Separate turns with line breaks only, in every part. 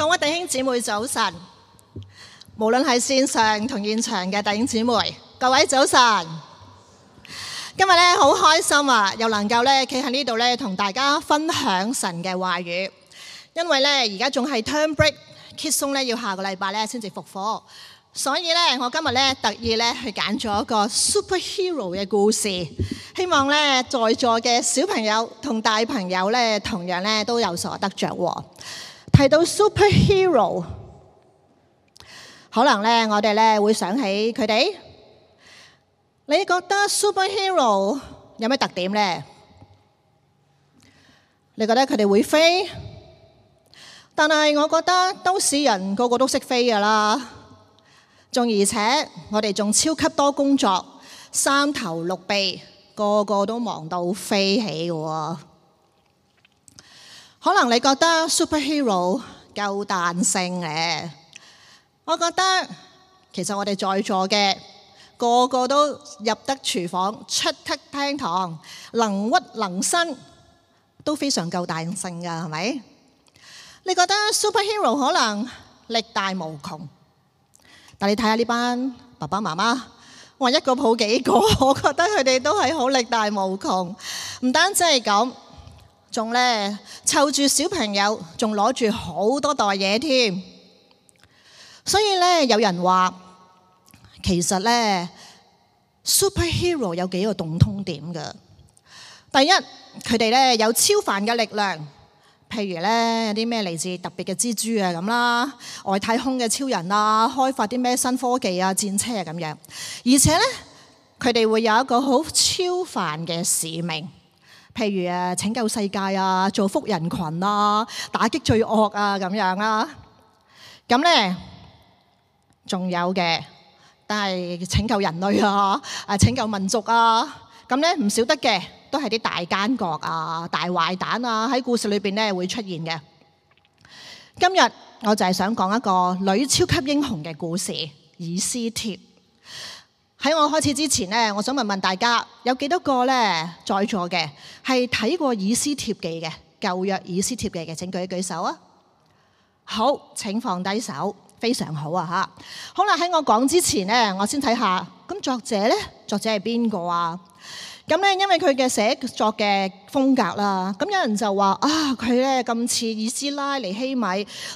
各位弟兄姊妹早晨，無論係線上同現場嘅弟兄姊妹，各位早晨。今日咧好開心啊，又能夠咧企喺呢度咧，同大家分享神嘅話語。因為咧而家仲係 turn break，Kids Song 咧要下個禮拜咧先至復火，所以咧我今日咧特意咧去揀咗一個 superhero 嘅故事，希望咧在座嘅小朋友同大朋友咧，同樣咧都有所得着。提到 Superhero，可能呢我哋呢會想起佢哋。你覺得 Superhero 有咩特點呢？你覺得佢哋會飛？但係我覺得都市人個個都識飛㗎喇。仲而且我哋仲超級多工作，三頭六臂，個個都忙到飛起嘅喎。可能你覺得 Superhero 夠彈性咧，我覺得其實我哋在座嘅個個都入得廚房出得廳堂，能屈能伸都非常夠彈性㗎，係咪？你覺得 Superhero 可能力大無窮，但你睇下呢班爸爸媽媽，我話一個抱幾個，我覺得佢哋都係好力大無窮。唔單止係咁。仲咧湊住小朋友，仲攞住好多袋嘢添。所以咧，有人話其實咧，Superhero 有幾個共通點嘅。第一，佢哋咧有超凡嘅力量，譬如咧，有啲咩嚟自特別嘅蜘蛛啊咁啦，外太空嘅超人啦，開發啲咩新科技啊戰車啊咁樣。而且咧，佢哋會有一個好超凡嘅使命。譬如誒、啊、拯救世界啊、造福人群啊、打擊罪惡啊咁樣啊。咁咧仲有嘅，但係拯救人類啊、誒、啊、拯救民族啊，咁咧唔少得嘅，都係啲大奸角啊、大壞蛋啊喺故事裏邊咧會出現嘅。今日我就係想講一個女超級英雄嘅故事，以斯帖。喺我開始之前呢，我想問問大家有幾多個呢？在座嘅係睇過以斯帖記嘅舊約以斯帖記嘅？請舉一舉手啊！好，請放低手，非常好啊！好啦，喺我講之前呢，我先睇下，咁作者呢？作者係邊個啊？咁咧，因為佢嘅寫作嘅風格啦，咁有人就話啊，佢咧咁似以斯拉、尼希米，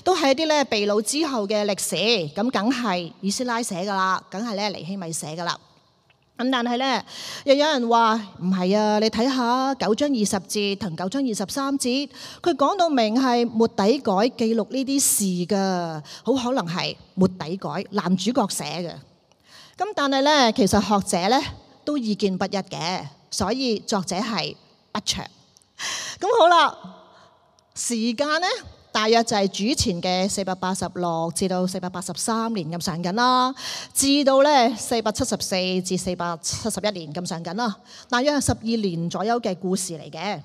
都係啲咧被擄之後嘅歷史，咁梗係以斯拉寫噶啦，梗係咧尼希米寫噶啦。咁但係咧，又有人話唔係啊，你睇下九章二十節同九章二十三節，佢講到明係末底改記錄呢啲事噶，好可能係末底改男主角寫嘅。咁但係咧，其實學者咧都意見不一嘅。所以作者係不詳，咁好啦。時間呢，大約就係主前嘅四百八十六至到四百八十三年咁上緊啦，至到呢四百七十四至四百七十一年咁上緊啦，大約係十二年左右嘅故事嚟嘅。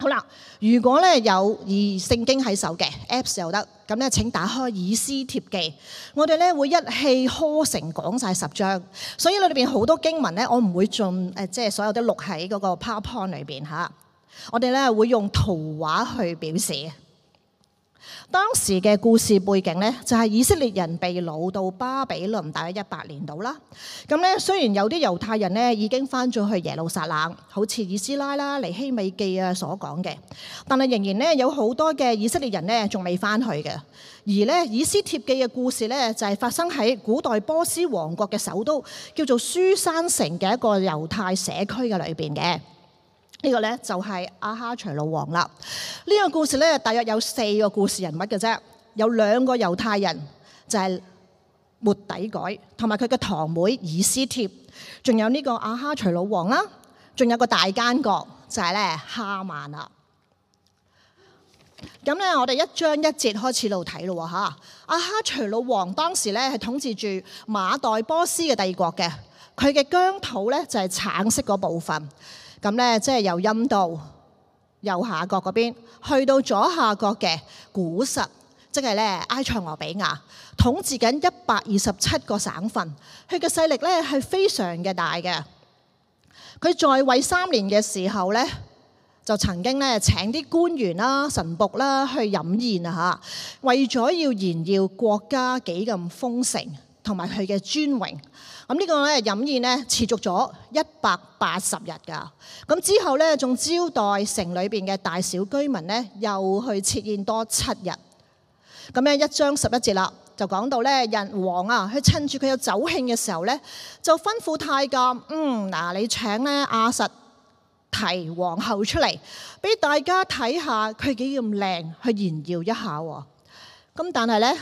好啦，如果咧有以聖經喺手嘅 Apps 又得，咁咧請打開以斯帖記，我哋咧會一氣呵成講晒十章，所以裏邊好多經文咧，我唔會盡誒即係所有都錄喺嗰個 PowerPoint 裏邊吓，我哋咧會用圖畫去表示。當時嘅故事背景呢，就係以色列人被擄到巴比倫大約一百年度啦。咁咧，雖然有啲猶太人呢已經翻咗去耶路撒冷，好似以斯拉啦、尼希米記啊所講嘅，但係仍然呢有好多嘅以色列人呢仲未翻去嘅。而呢，以斯帖記嘅故事呢，就係發生喺古代波斯王國嘅首都叫做書珊城嘅一個猶太社區嘅裏邊嘅。呢個咧就係亞哈隨魯王啦。呢、這個故事咧，大約有四個故事人物嘅啫，有兩個猶太人，就係、是、末底改同埋佢嘅堂妹以斯帖，仲有呢個亞哈隨魯王啦，仲有個大奸角就係、是、咧哈曼啦。咁咧，我哋一章一節開始路睇咯嚇。亞哈，哈隨魯王當時咧係統治住瑪代波斯嘅帝國嘅，佢嘅疆土咧就係橙色嗰部分。咁咧，即係由印度右下角嗰邊去到左下角嘅古實，即係咧埃塞俄比亞，統治緊一百二十七個省份，佢嘅勢力咧係非常嘅大嘅。佢在位三年嘅時候咧，就曾經咧請啲官員啦、神僕啦去飲宴啊嚇，為咗要炫耀國家幾咁豐盛。同埋佢嘅尊榮，咁、這個、呢個咧飲宴咧持續咗一百八十日噶咁之後咧仲招待城裏邊嘅大小居民咧，又去設宴多七日。咁咧一章十一節啦，就講到咧，人王啊，佢趁住佢有酒興嘅時候咧，就吩咐太監，嗯，嗱，你請咧阿實提皇后出嚟，俾大家睇下佢幾咁靚，去炫耀一下喎、哦。咁但係咧。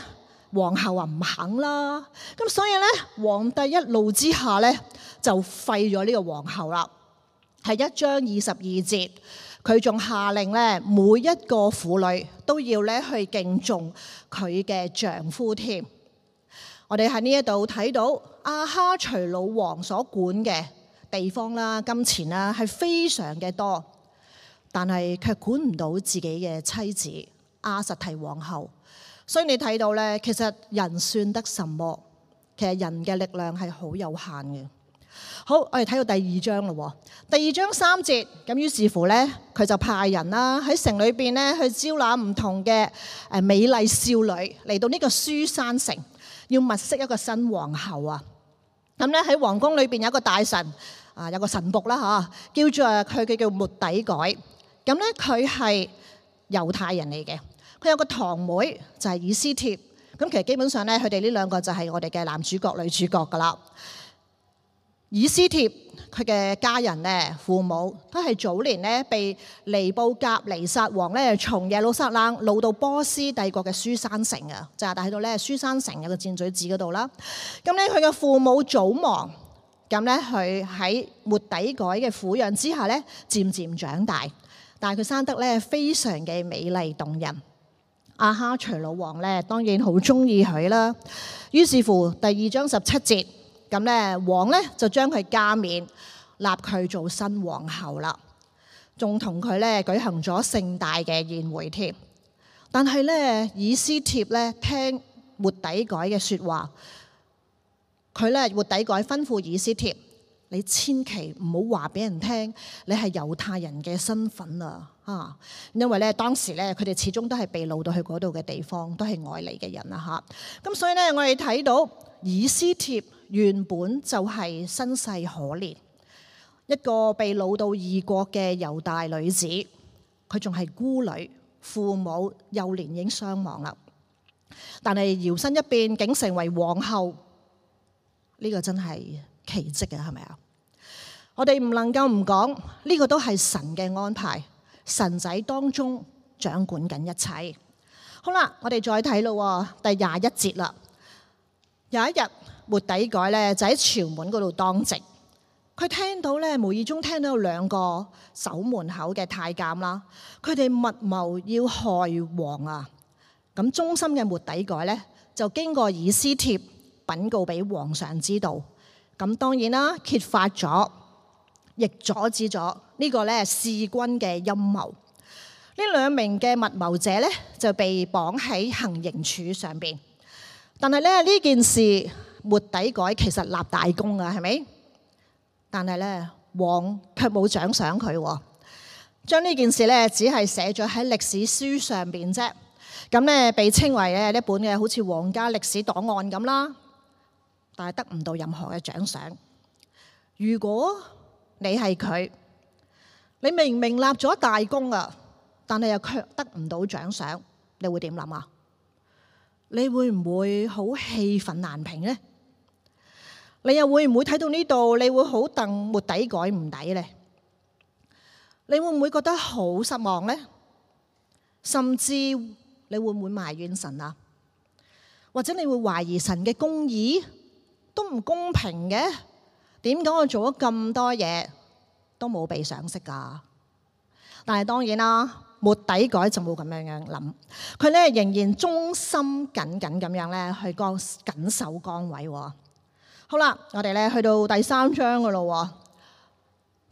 皇后話唔肯啦，咁所以咧，皇帝一怒之下咧就廢咗呢個皇后啦。係一章二十二節，佢仲下令咧，每一個婦女都要咧去敬重佢嘅丈夫添。我哋喺呢一度睇到亞哈隨魯王所管嘅地方啦、金錢啦，係非常嘅多，但係卻管唔到自己嘅妻子瓦實提皇后。所以你睇到咧，其實人算得什麼？其實人嘅力量係好有限嘅。好，我哋睇到第二章咯。第二章三節，咁於是乎咧，佢就派人啦喺城裏邊咧去招攬唔同嘅誒美麗少女嚟到呢個書珊城，要物色一個新皇后啊。咁咧喺皇宮裏邊有一個大臣啊，有個神僕啦，嗬，叫做佢叫叫末底改。咁咧佢係猶太人嚟嘅。佢有個堂妹就係、是、以斯帖。咁，其實基本上咧，佢哋呢兩個就係我哋嘅男主角女主角㗎啦。以斯帖佢嘅家人咧，父母都係早年咧被尼布甲尼撒王咧從耶路撒冷擄到波斯帝國嘅書珊城啊，就係喺度咧，書珊城有個箭嘴子嗰度啦。咁咧佢嘅父母早亡，咁咧佢喺末底改嘅撫養之下咧，漸漸長大，但係佢生得咧非常嘅美麗動人。阿、啊、哈隨魯王咧，當然好中意佢啦。於是乎第二章十七節，咁咧王咧就將佢加冕，立佢做新皇后啦，仲同佢咧舉行咗盛大嘅宴會添。但係咧，以斯帖咧聽末底改嘅説話，佢咧末底改吩咐以斯帖：你千祈唔好話俾人聽，你係猶太人嘅身份啊！啊，因為咧，當時咧，佢哋始終都係被擄到去嗰度嘅地方，都係外嚟嘅人啦。吓，咁所以咧，我哋睇到以斯帖原本就係身世可憐，一個被擄到異國嘅猶大女子，佢仲係孤女，父母幼年已經傷亡啦。但係搖身一變，竟成為皇后，呢個真係奇跡啊！係咪啊？我哋唔能夠唔講呢個，都係神嘅安排。神仔當中掌管緊一切。好啦，我哋再睇咯，第廿一節啦。有一日，末底改咧就喺朝門嗰度當值，佢聽到咧無意中聽到兩個守門口嘅太監啦，佢哋密謀要害王啊。咁忠心嘅末底改咧就經過以斯帖禀告俾皇上知道，咁當然啦揭發咗。亦阻止咗、這個、呢個咧，弑君嘅陰謀。呢兩名嘅密謀者咧，就被綁喺行刑柱上邊。但係咧，呢件事末底改，其實立大功啊，係咪？但係咧，王卻冇獎賞佢喎，將呢件事咧只係寫咗喺歷史書上邊啫。咁咧，被稱為咧一本嘅好似皇家歷史檔案咁啦，但係得唔到任何嘅獎賞。如果你係佢，你明明立咗大功啊，但係又卻得唔到獎賞，你會點諗啊？你會唔會好氣憤難平呢？你又會唔會睇到呢度，你會好戥末底改唔抵呢？你會唔會覺得好失望呢？甚至你會唔會埋怨神啊？或者你會懷疑神嘅公義都唔公平嘅？點解我做咗咁多嘢都冇被賞識噶？但係當然啦，末底改就冇咁樣樣諗，佢咧仍然忠心緊緊咁樣咧去崗緊守崗位。好啦，我哋咧去到第三章嘅咯，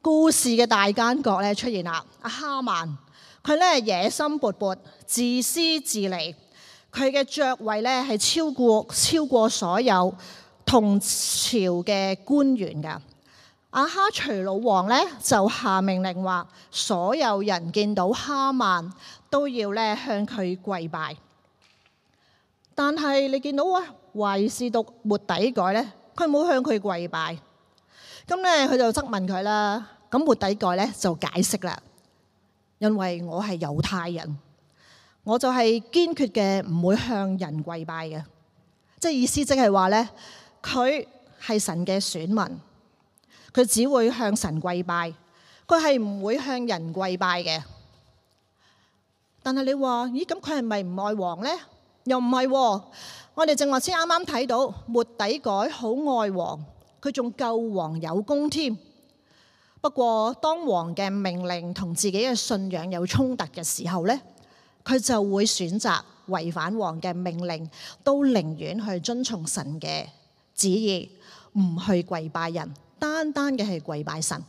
故事嘅大奸角咧出現啦。阿哈曼，佢咧野心勃勃、自私自利，佢嘅爵位咧係超過超過所有，同朝嘅官員噶阿、啊、哈隨魯王咧就下命令話，所有人見到哈曼都要咧向佢跪拜。但係你見到啊，衛士都末底改咧，佢冇向佢跪拜。咁、嗯、咧，佢就質問佢啦。咁末底改咧就解釋啦，因為我係猶太人，我就係堅決嘅唔會向人跪拜嘅，即係意思即係話咧。佢係神嘅選民，佢只會向神跪拜，佢係唔會向人跪拜嘅。但係你話，咦咁佢係咪唔愛王呢？又唔係喎，我哋正話先啱啱睇到末底改好愛王，佢仲救王有功添。不過當王嘅命令同自己嘅信仰有衝突嘅時候呢，佢就會選擇違反王嘅命令，都寧願去遵從神嘅。旨意，唔去跪拜人，單單嘅係跪拜神。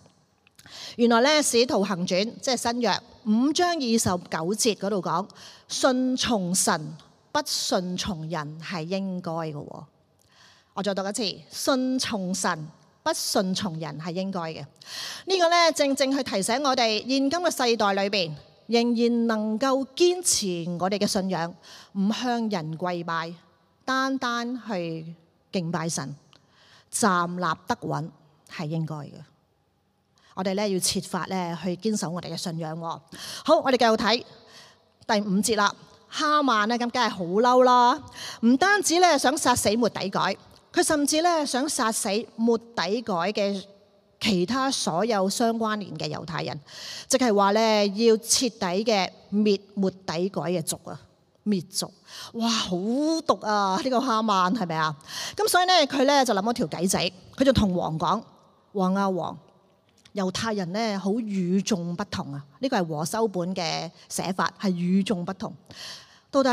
原來咧《使徒行傳》即係新約五章二十九節嗰度講，信從神，不信從人係應該嘅。我再讀一次：信從神，不信從人係應該嘅。這個、呢個咧正正去提醒我哋，現今嘅世代裏邊仍然能夠堅持我哋嘅信仰，唔向人跪拜，單單去。敬拜神，站立得穩係應該嘅。我哋咧要設法咧去堅守我哋嘅信仰。好，我哋繼續睇第五節啦。哈曼咧咁梗係好嬲啦，唔單止咧想殺死末底改，佢甚至咧想殺死末底改嘅其他所有相關聯嘅猶太人，即係話咧要徹底嘅滅末底改嘅族啊！滅族，哇，好毒啊！呢個哈曼係咪啊？咁所以呢，佢呢就諗咗條計仔，佢就同王講：王啊，王，猶太人呢好與眾不同啊！呢個係和修本嘅寫法，係與眾不同。到底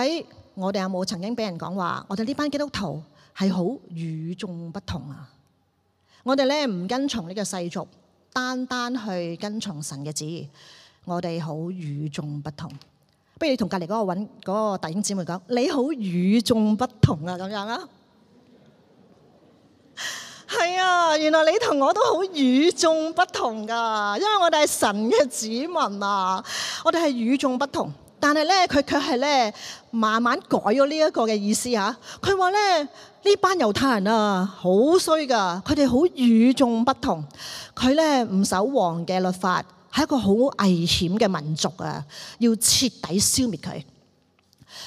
我哋有冇曾經俾人講話？我哋呢班基督徒係好與眾不同啊！我哋呢唔跟從呢個世俗，單單去跟從神嘅旨意，我哋好與眾不同。不如你同隔籬嗰個搵嗰個弟兄姊妹講，你好與眾不同啊，咁樣啦。係啊，原來你同我都好與眾不同噶，因為我哋係神嘅子民啊，我哋係與眾不同。但係呢，佢卻係呢，慢慢改咗呢一個嘅意思吓啊。佢話呢，呢班猶太人啊，好衰噶，佢哋好與眾不同，佢呢，唔守王嘅律法。係一個好危險嘅民族啊，要徹底消滅佢。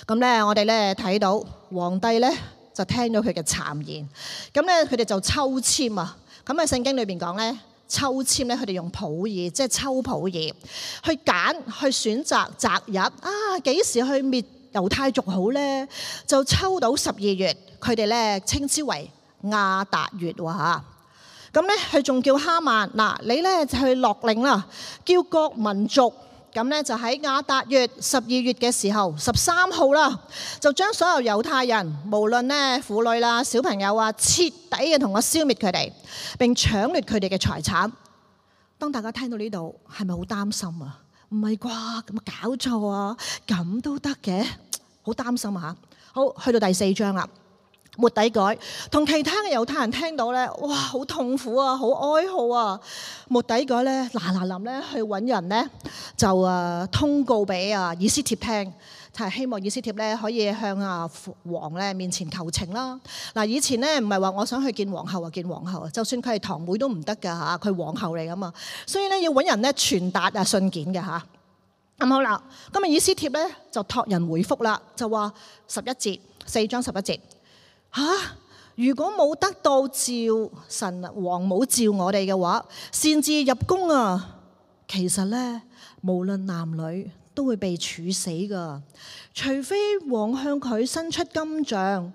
咁咧，我哋咧睇到皇帝咧就聽到佢嘅讒言。咁咧，佢哋就抽簽啊。咁喺聖經裏面講咧，抽籤咧佢哋用普珥，即係抽普珥去揀去選擇擇日啊，幾時去滅猶太族好呢？就抽到十二月，佢哋咧稱之為亞達月喎、啊咁咧，佢仲叫哈曼嗱，你咧就去落領啦，叫各民族咁咧就喺亞達月十二月嘅時候十三號啦，就將所有猶太人，無論咧婦女啦、啊、小朋友啊，徹底嘅同我消滅佢哋，並搶奪佢哋嘅財產。當大家聽到呢度，係咪好擔心啊？唔係啩？咁搞錯啊？咁都得嘅？好擔心啊！吓，好，去到第四章啦。末底改同其他嘅猶太人聽到咧，哇！好痛苦啊，好哀號啊。末底改呢，嗱嗱臨咧去揾人呢，就、啊、通告俾啊以斯帖聽，就係希望以斯帖咧可以向啊王咧面前求情啦。嗱，以前呢唔係話我想去見皇后啊，見皇后啊，就算佢係堂妹都唔得㗎嚇。佢皇后嚟啊嘛，所以咧要揾人咧傳達啊信件嘅嚇。咁、嗯、好啦，今日以斯帖咧就托人回覆啦，就話十一節四章十一節。嚇、啊！如果冇得到召神王母召我哋嘅話，擅自入宮啊，其實咧無論男女都會被處死噶。除非王向佢伸出金杖，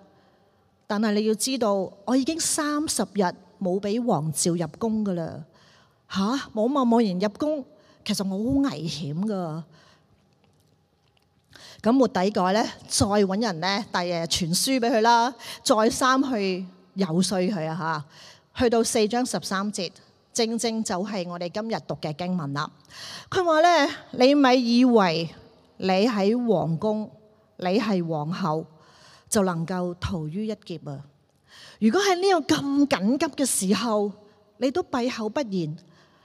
但係你要知道，我已經三十日冇俾王召入宮噶啦。嚇、啊！冇望冇人入宮，其實我好危險噶。咁末底改咧，再揾人咧，第日傳書俾佢啦，再三去游説佢啊吓，去到四章十三節，正正就係我哋今日讀嘅經文啦。佢話咧：你咪以為你喺皇宮，你係皇后，就能夠逃於一劫啊？如果喺呢個咁緊急嘅時候，你都閉口不言，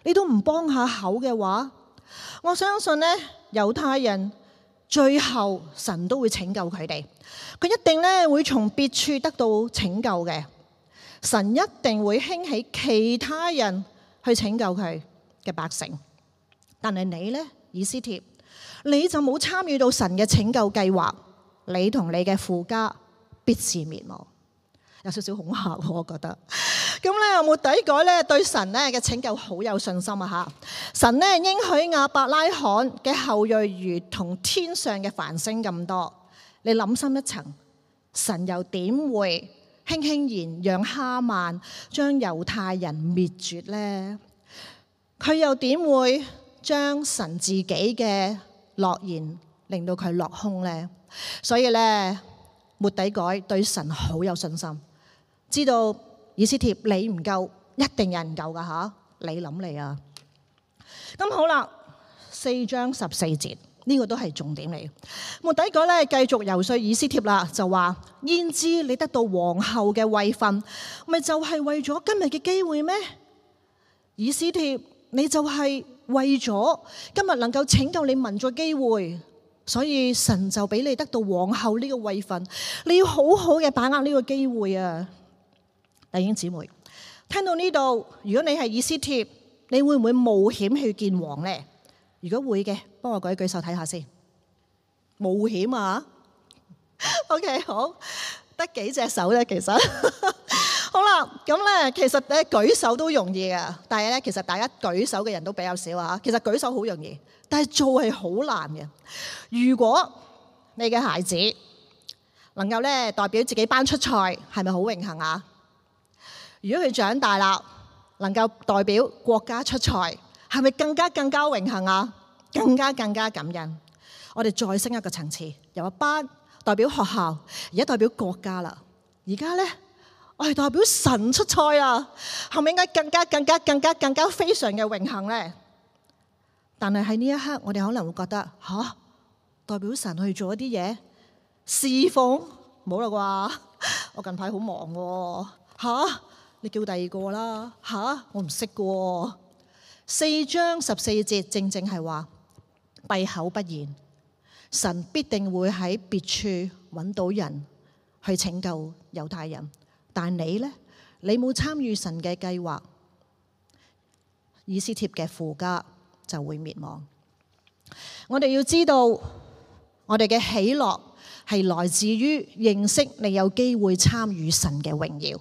你都唔幫下口嘅話，我相信咧猶太人。最後神都會拯救佢哋，佢一定咧會從別處得到拯救嘅。神一定會興起其他人去拯救佢嘅百姓。但係你呢，以斯帖，你就冇參與到神嘅拯救計劃，你同你嘅父家必是滅亡。有少少恐嚇，我覺得。咁咧，末底改咧對神咧嘅拯救好有信心啊！吓，神咧應許亞伯拉罕嘅後裔如同天上嘅繁星咁多。你諗深一層，神又點會輕輕言讓哈曼將猶太人滅絕咧？佢又點會將神自己嘅諾言令到佢落空咧？所以咧，末底改對神好有信心，知道。以斯帖，你唔夠，一定有人唔夠噶吓，啊，你諗你啊。咁好啦，四章十四節呢，這個都係重點嚟。末底改咧繼續遊說以斯帖啦，就話：焉知你得到皇后嘅位份，咪就係為咗今日嘅機會咩？以斯帖，你就係為咗今日能夠拯救你民族機會，所以神就俾你得到皇后呢個位份，你要好好嘅把握呢個機會啊！弟兄姊妹，聽到呢度，如果你係以斯帖，你會唔會冒險去見王咧？如果會嘅，幫我舉舉手睇下先。冒險啊！OK，好得幾隻手咧。其實好啦，咁咧其實咧舉手都容易嘅，但係咧其實大家舉手嘅人都比較少啊。其實舉手好容易，但係做係好難嘅。如果你嘅孩子能夠咧代表自己班出賽，係咪好榮幸啊？如果佢長大啦，能夠代表國家出賽，係咪更加更加榮幸啊？更加更加感恩。我哋再升一個層次，由一班代表學校，而家代表國家啦。而家呢，我係代表神出賽啊，係咪應該更加更加更加更加非常嘅榮幸呢？但係喺呢一刻，我哋可能會覺得吓，代表神去做一啲嘢侍奉，冇啦啩？我近排好忙，吓。叫第二個啦，吓，我唔識喎。四章十四節，正正係話閉口不言，神必定會喺別處揾到人去拯救猶太人。但你呢？你冇參與神嘅計劃，以斯帖嘅父家就會滅亡。我哋要知道，我哋嘅喜樂係來自於認識你有機會參與神嘅榮耀。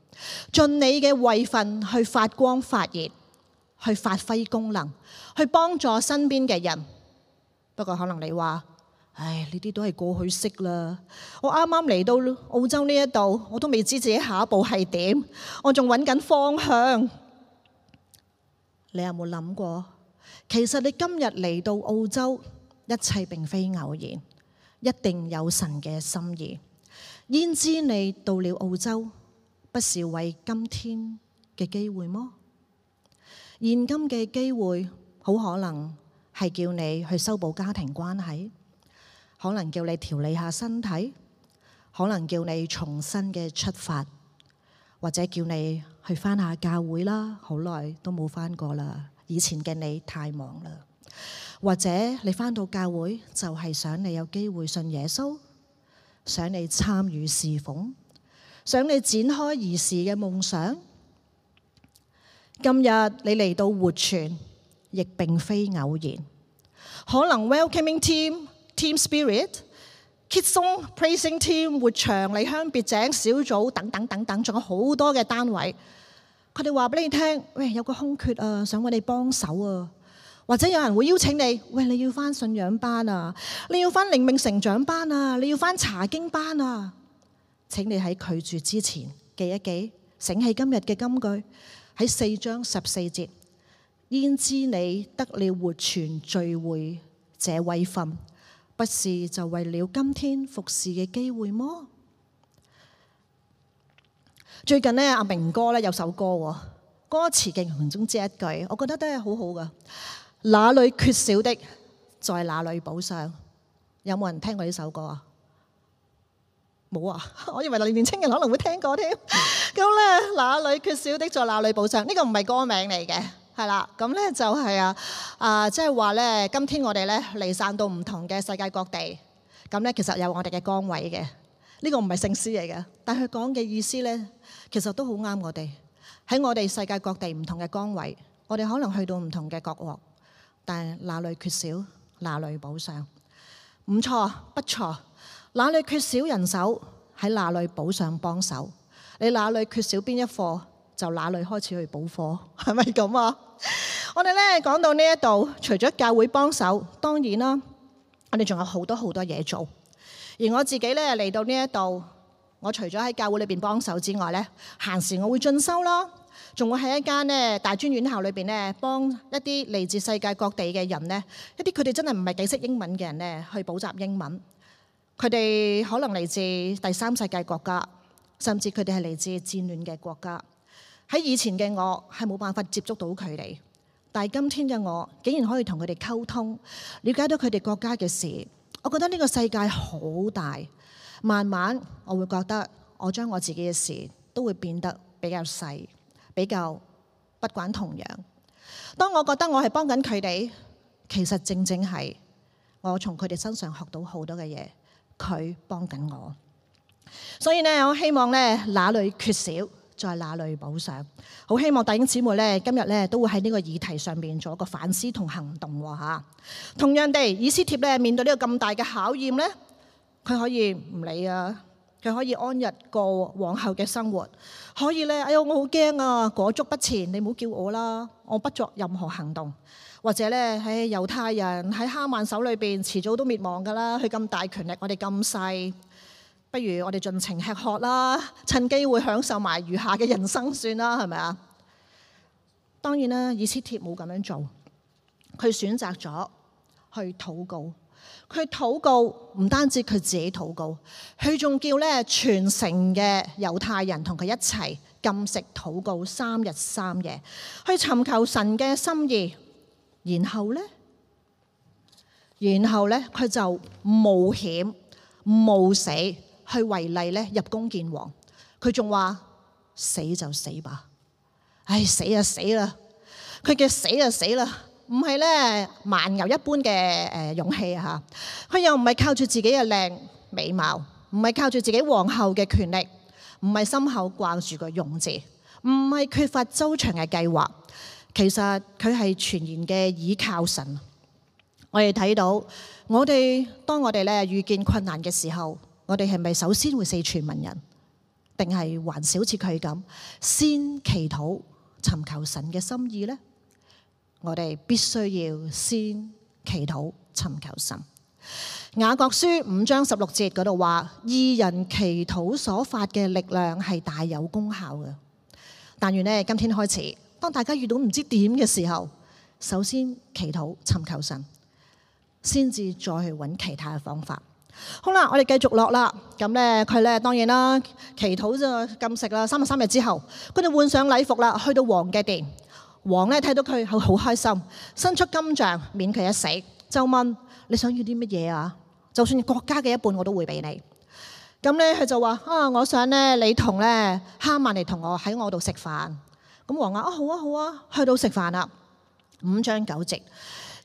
盡你嘅位份去發光發熱，去發揮功能，去幫助身邊嘅人。不過可能你話，唉，呢啲都係過去式啦。我啱啱嚟到澳洲呢一度，我都未知自己下一步係點，我仲揾緊方向。你有冇諗過？其實你今日嚟到澳洲，一切並非偶然，一定有神嘅心意。焉知你到了澳洲？不是為今天嘅機會麼？現今嘅機會好可能係叫你去修補家庭關係，可能叫你調理下身體，可能叫你重新嘅出發，或者叫你去返下教會啦，好耐都冇返過啦。以前嘅你太忙啦，或者你返到教會就係想你有機會信耶穌，想你參與侍奉。想你展開兒時嘅夢想，今日你嚟到活泉亦並非偶然。可能 welcoming team、team spirit、kids song praising team、活場、離鄉別井小組等等等等，仲有好多嘅單位，佢哋話俾你聽：喂，有個空缺啊，想揾你幫手啊。或者有人會邀請你：喂，你要返信仰班啊，你要返靈命成長班啊，你要返查經班啊。請你喺拒絕之前記一記，醒起今日嘅金句喺四章十四節，焉知你得了活全聚會這位分，不是就為了今天服侍嘅機會麼？最近呢，阿明哥咧有首歌，歌詞嘅其中之一句，我覺得都係好好噶。哪裏缺少的，在哪裏補上？有冇人聽過呢首歌啊？冇啊！我以為年年輕人可能會聽過添。 咁咧，哪裏缺少的，在哪裏補上？呢、這個唔係歌名嚟嘅，係啦。咁咧就係、是、啊、呃、即係話咧，今天我哋呢，離散到唔同嘅世界各地。咁咧，其實有我哋嘅崗位嘅。呢、這個唔係聖詩嚟嘅，但佢講嘅意思呢，其實都好啱我哋。喺我哋世界各地唔同嘅崗位，我哋可能去到唔同嘅角落，但係哪裏缺少，哪裏補上。唔錯，不錯。不錯哪裏缺少人手，喺哪裏補上幫手。你哪裏缺少邊一課，就哪裏開始去補課，係咪咁啊？我哋呢講到呢一度，除咗教會幫手，當然啦，我哋仲有好多好多嘢做。而我自己呢，嚟到呢一度，我除咗喺教會裏面幫手之外呢，閒時我會進修咯，仲會喺一間呢大專院校裏面呢，幫一啲嚟自世界各地嘅人呢，一啲佢哋真係唔係幾識英文嘅人呢，去補習英文。佢哋可能嚟自第三世界國家，甚至佢哋係嚟自戰亂嘅國家。喺以前嘅我係冇辦法接觸到佢哋，但係今天嘅我竟然可以同佢哋溝通，了解到佢哋國家嘅事。我覺得呢個世界好大，慢慢我會覺得我將我自己嘅事都會變得比較細，比較不管同樣。當我覺得我係幫緊佢哋，其實正正係我從佢哋身上學到好多嘅嘢。佢幫緊我，所以咧，我希望咧，哪裏缺少，在哪裏補上。好希望弟兄姊妹咧，今日咧都會喺呢個議題上面做一個反思同行動喎、啊、吓。同樣地，以斯帖咧面對呢個咁大嘅考驗咧，佢可以唔理啊，佢可以安逸過往後嘅生活，可以咧，哎呀，我好驚啊，裹足不前，你唔好叫我啦，我不作任何行動。或者咧，喺、哎、猶太人喺哈曼手裏邊，遲早都滅亡㗎啦。佢咁大權力，我哋咁細，不如我哋盡情吃喝啦，趁機會享受埋餘下嘅人生算啦，係咪啊？當然啦，以斯帖冇咁樣做，佢選擇咗去禱告。佢禱告唔單止佢自己禱告，佢仲叫咧全城嘅猶太人同佢一齊禁食禱告三日三夜，去尋求神嘅心意。然後咧，然後咧，佢就冒險冒死去違例咧入宮見王。佢仲話：死就死吧，唉死啊死啦！佢嘅死啊死啦，唔係咧蠻牛一般嘅誒勇氣嚇，佢又唔係靠住自己嘅靚美貌，唔係靠住自己皇后嘅權力，唔係心口掛住個勇字，唔係缺乏周詳嘅計劃。其實佢係全然嘅倚靠神。我哋睇到，我哋當我哋呢遇見困難嘅時候，我哋係咪首先會四處問人，定係還少似還是好似佢咁先祈禱、尋求神嘅心意呢？我哋必須要先祈禱、尋求神。雅各書五章十六節嗰度話：義人祈禱所發嘅力量係大有功效嘅。但願呢，今天開始。當大家遇到唔知點嘅時候，首先祈禱尋求神，先至再去揾其他嘅方法。好啦，我哋繼續落啦。咁咧，佢咧當然啦，祈禱就禁食啦。三十三日之後，佢哋換上禮服啦，去到王嘅殿。王咧睇到佢係好開心，伸出金像免佢一死。就問，你想要啲乜嘢啊？就算國家嘅一半我都會俾你。咁咧，佢就話啊，我想咧你同咧哈曼尼同我喺我度食飯。咁王啊，啊好啊好啊，去到食飯啦，五章九節，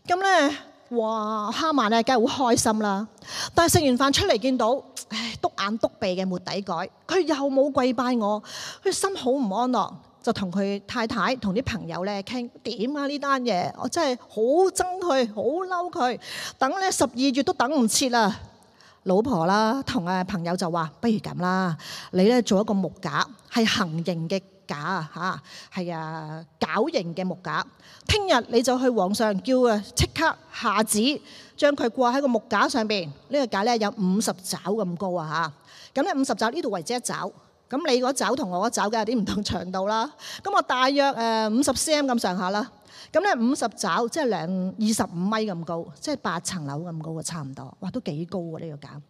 咁咧哇哈曼咧，梗係好開心啦。但係食完飯出嚟見到，唉，篤眼篤鼻嘅末底改，佢又冇跪拜我，佢心好唔安樂，就同佢太太同啲朋友咧傾，點啊呢單嘢，我真係好憎佢，好嬲佢，等咧十二月都等唔切啦。老婆啦，同啊朋友就話不如咁啦，你咧做一個木架，係行刑嘅。架啊嚇，係啊，絞刑嘅木架。聽日你就去皇上叫啊，即刻下旨將佢掛喺個木架上邊。呢個架咧有五十爪咁高啊嚇。咁咧五十爪呢度為之一爪。咁你嗰爪同我嗰爪嘅有啲唔同長度啦。咁我大約誒五十 cm 咁上下啦。咁咧五十爪即係兩二十五米咁高，即係八層樓咁高啊，差唔多。哇，都幾高啊呢個架。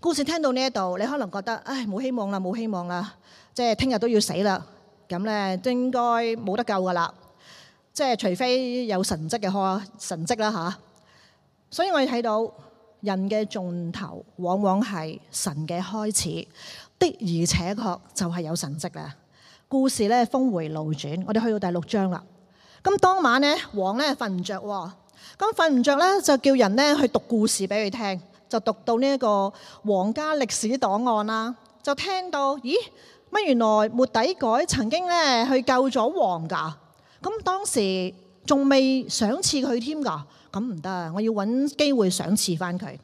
故事聽到呢一度，你可能覺得唉，冇希望啦，冇希望啦，即係聽日都要死啦，咁咧應該冇得救噶啦，即係除非有神蹟嘅，可神蹟啦吓。所以我哋睇到人嘅盡頭往往係神嘅開始，的而且確就係有神蹟啦。故事咧峰回路轉，我哋去到第六章啦。咁當晚咧，王咧瞓唔著，咁瞓唔着咧、哦、就叫人咧去讀故事俾佢聽。就讀到呢一個皇家歷史檔案啦，就聽到咦，乜原來末底改曾經咧去救咗王㗎，咁當時仲未賞賜佢添㗎，咁唔得，我要搵機會賞賜返佢。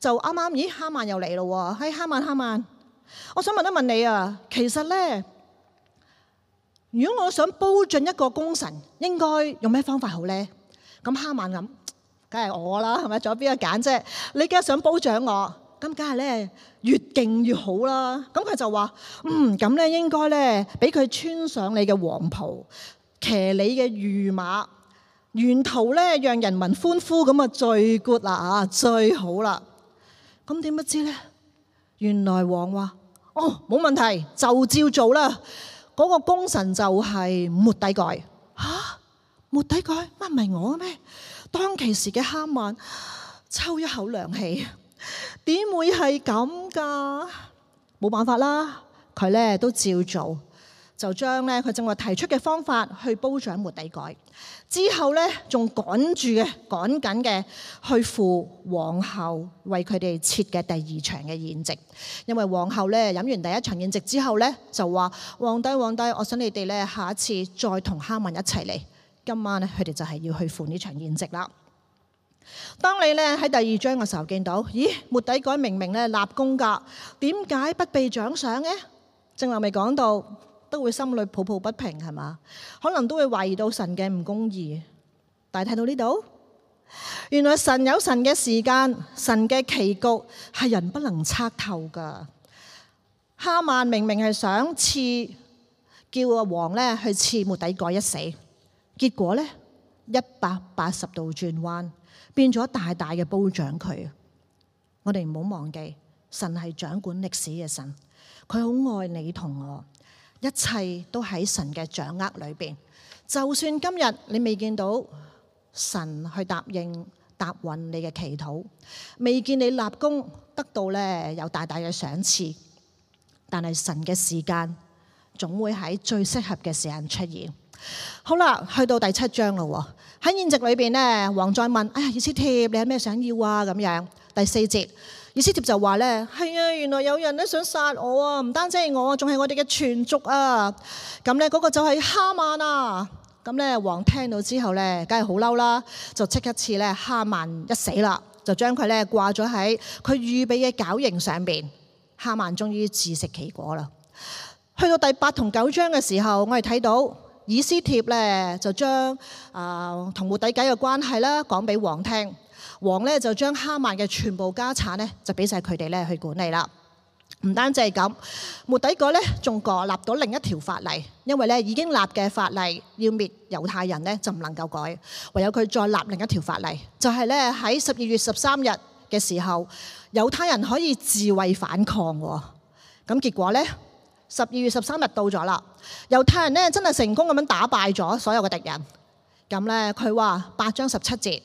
就啱啱咦哈曼又嚟咯喎，嘿，哈曼哈曼，我想問一問你啊，其實咧，如果我想褒獎一個功臣，應該用咩方法好咧？咁哈曼咁？梗係我啦，係咪？仲有邊個揀啫，你梗係想褒獎我，咁梗係咧越勁越好啦。咁佢就話：嗯，咁咧應該咧俾佢穿上你嘅黃袍，騎你嘅御馬，沿途咧讓人民歡呼，咁啊最 good 啦，啊最好啦。咁點不知咧？原來王話：哦，冇問題，就照做啦。嗰個功臣就係末底改。嚇、啊？末底改乜唔係我咩？當其時嘅哈曼抽一口涼氣，點會係咁噶？冇辦法啦，佢咧都照做，就將咧佢正話提出嘅方法去煲掌末底改。之後咧仲趕住嘅，趕緊嘅去赴皇后為佢哋設嘅第二場嘅宴席。因為皇后咧飲完第一場宴席之後咧，就話：皇帝、皇帝、皇帝，我想你哋咧下一次再同哈曼一齊嚟。今晚咧，佢哋就係要去赴呢場宴席啦。當你咧喺第二章嘅時候見到，咦，末底改明明咧立功嘅，點解不被獎賞咧？正話未講到，都會心裏抱抱不平係嘛，可能都會懷疑到神嘅唔公義。但係睇到呢度，原來神有神嘅時間，神嘅棋局係人不能測透噶。哈曼明明係想賜叫阿王咧去賜末底改一死。結果呢，一百八十度轉彎，變咗大大嘅褒獎佢。我哋唔好忘記，神係掌管歷史嘅神，佢好愛你同我，一切都喺神嘅掌握裏邊。就算今日你未見到神去答應答允你嘅祈禱，未見你立功得到呢有大大嘅賞賜，但係神嘅時間總會喺最適合嘅時間出現。好啦，去到第七章啦喎，喺宴席裏邊咧，王再問：哎呀，以斯帖，你有咩想要啊？咁樣第四節，以斯帖就話咧：係啊，原來有人咧想殺我啊，唔單止係我，仲係我哋嘅全族啊！咁咧，嗰個就係哈曼啊！咁咧，王聽到之後咧，梗係好嬲啦，就即一次咧，哈曼一死啦，就將佢咧掛咗喺佢預備嘅絞刑上邊，哈曼終於自食其果啦。去到第八同九章嘅時候，我哋睇到。以斯帖呢就將啊同摩底改嘅關係呢講俾王聽，王呢，就將哈曼嘅全部家產呢，就俾曬佢哋呢去管理啦。唔單止係咁，摩底改呢仲頌立咗另一條法例，因為呢已經立嘅法例要滅猶太人呢，就唔能夠改，唯有佢再立另一條法例，就係呢喺十二月十三日嘅時候，猶太人可以自衞反抗喎。咁結果呢。十二月十三日到咗啦，猶太人真係成功咁樣打敗咗所有嘅敵人。咁咧佢話八章十七節，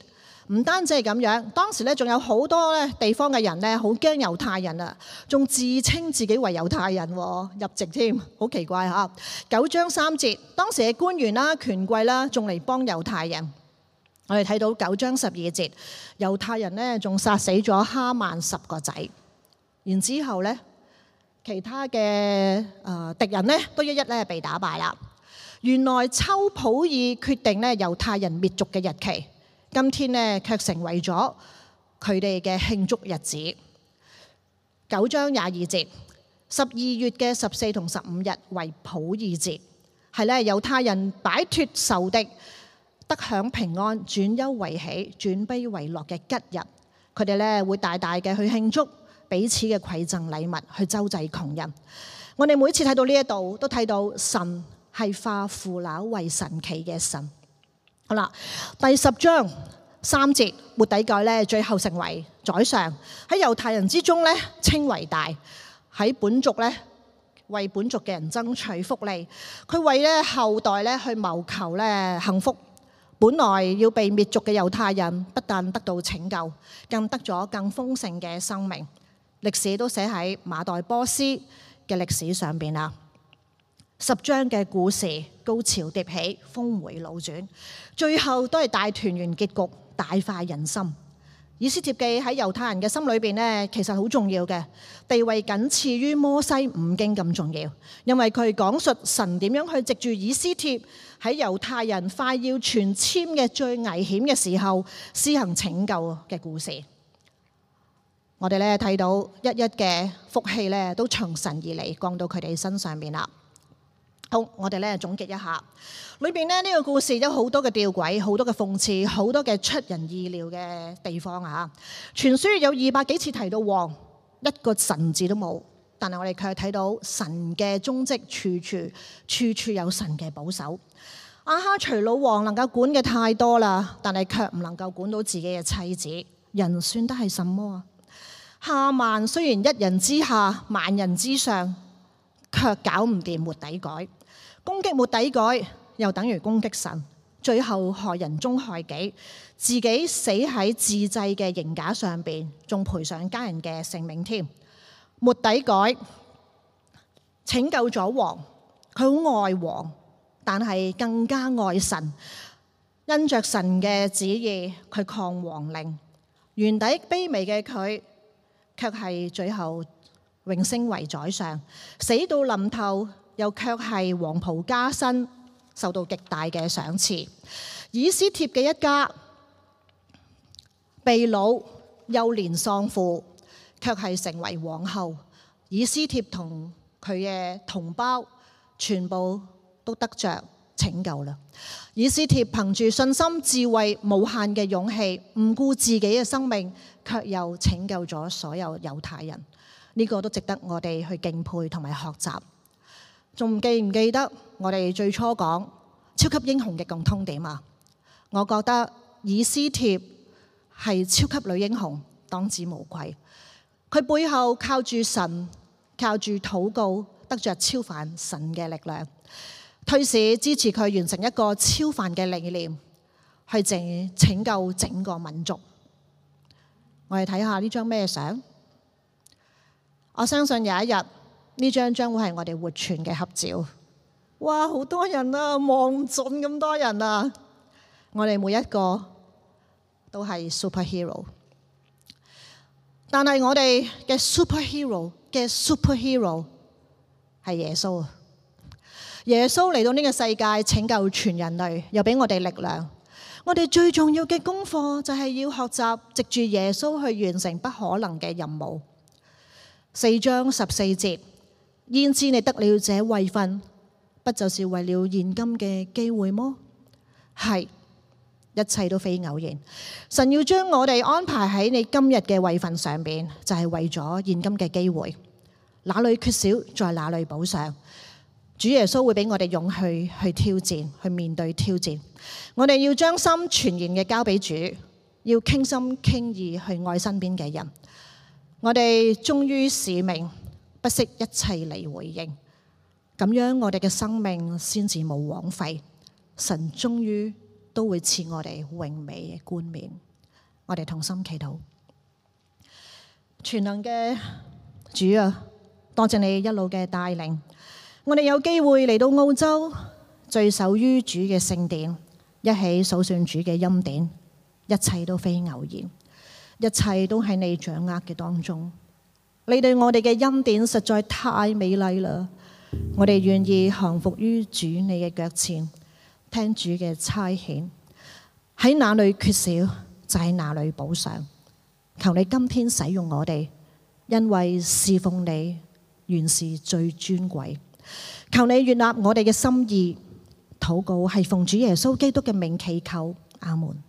唔單止係咁樣，當時咧仲有好多地方嘅人咧好驚猶太人啊，仲自稱自己為猶太人入籍添，好奇怪嚇。九章三節，當時嘅官員啦、權貴啦，仲嚟幫猶太人。我哋睇到九章十二節，猶太人呢仲殺死咗哈曼十個仔，然之後呢。其他嘅啊敵人呢，都一一咧被打敗啦。原來秋普爾決定咧猶太人滅族嘅日期，今天呢卻成為咗佢哋嘅慶祝日子。九章廿二節，十二月嘅十四同十五日為普爾節，係咧猶太人擺脱仇敵、得享平安、轉憂為喜、轉悲為樂嘅吉日。佢哋咧會大大嘅去慶祝。彼此嘅饋贈禮物去周濟窮人。我哋每次睇到呢一度，都睇到神係化腐朽為神奇嘅神。好啦，第十章三節，末底改咧，最後成為宰相喺猶太人之中咧，稱為大喺本族咧，為本族嘅人爭取福利。佢為咧後代咧去謀求咧幸福。本來要被滅族嘅猶太人不但得到拯救，更得咗更豐盛嘅生命。歷史都寫喺瑪代波斯嘅歷史上邊啦，十章嘅故事高潮迭起，峰回路轉，最後都係大團圓結局，大快人心。以斯帖記喺猶太人嘅心裏面咧，其實好重要嘅，地位，僅次於摩西五經咁重要，因為佢講述神點樣去藉住以斯帖喺猶太人快要全殲嘅最危險嘅時候施行拯救嘅故事。我哋咧睇到一一嘅福氣咧，都從神而嚟，降到佢哋身上邊啦。好，我哋咧總結一下裏邊咧呢、呢個故事有好多嘅吊詭，好多嘅諷刺，好多嘅出人意料嘅地方啊！全書有二百幾次提到王，一個神字都冇，但係我哋卻睇到神嘅蹤跡，處處處處有神嘅保守。亞哈隨魯王能夠管嘅太多啦，但係卻唔能夠管到自己嘅妻子。人算得係什麼啊？哈曼雖然一人之下萬人之上，卻搞唔掂末底改。攻擊末底改，又等於攻擊神，最後害人終害己，自己死喺自製嘅刑架上面，仲賠上家人嘅性命添。末底改拯救咗王，佢好愛王，但係更加愛神，因着神嘅旨意，佢抗王令，原底卑微嘅佢，卻係最後榮升為宰相，死到臨頭又卻係黃袍加身，受到極大嘅賞賜。以斯帖嘅一家被擄，幼年喪父，卻係成為皇后。以斯帖同佢嘅同胞全部都得着拯救啦！以斯帖憑住信心、智慧、無限嘅勇氣，唔顧自己嘅生命，卻又拯救咗所有猶太人。呢、這個都值得我哋去敬佩同埋學習。仲記唔記得我哋最初講超級英雄嘅共通點啊？我覺得以斯帖係超級女英雄，當之無愧。佢背後靠住神，靠住禱告，得着超凡神嘅力量。推使支持佢完成一個超凡嘅理念，去拯拯救整個民族。我哋睇下呢張咩相？我相信有一日呢張將會係我哋活存嘅合照。哇，好多人啊，望唔盡咁多人啊！我哋每一個都係 superhero，但係我哋嘅 superhero 嘅 superhero 係耶穌。耶穌嚟到呢個世界，拯救全人類，又俾我哋力量。我哋最重要嘅功課就係要學習藉住耶穌去完成不可能嘅任務。四章十四節，焉知你得了這位份，不就是為了現今嘅機會麼？係，一切都非偶然。神要將我哋安排喺你今日嘅位份上面，就係、是、為咗現今嘅機會。哪裏缺少，在哪裏補上。主耶穌會俾我哋勇氣去挑戰，去面對挑戰。我哋要將心全然嘅交俾主，要傾心傾意去愛身邊嘅人。我哋忠於使命，不惜一切嚟回應。咁樣我哋嘅生命先至冇枉費，神終於都會賜我哋榮美嘅冠冕。我哋同心祈禱，全能嘅主啊，多謝你一路嘅帶領。我哋有機會嚟到澳洲，聚首於主嘅聖殿，一起數算主嘅恩典，一切都非偶然，一切都喺你掌握嘅當中。你對我哋嘅恩典實在太美麗啦！我哋願意降服於主你嘅腳前，聽主嘅差遣。喺哪裏缺少，就喺、是、哪裏補上。求你今天使用我哋，因為侍奉你原是最尊貴。求你悅納我哋嘅心意，禱告係奉主耶穌基督嘅名祈求，阿門。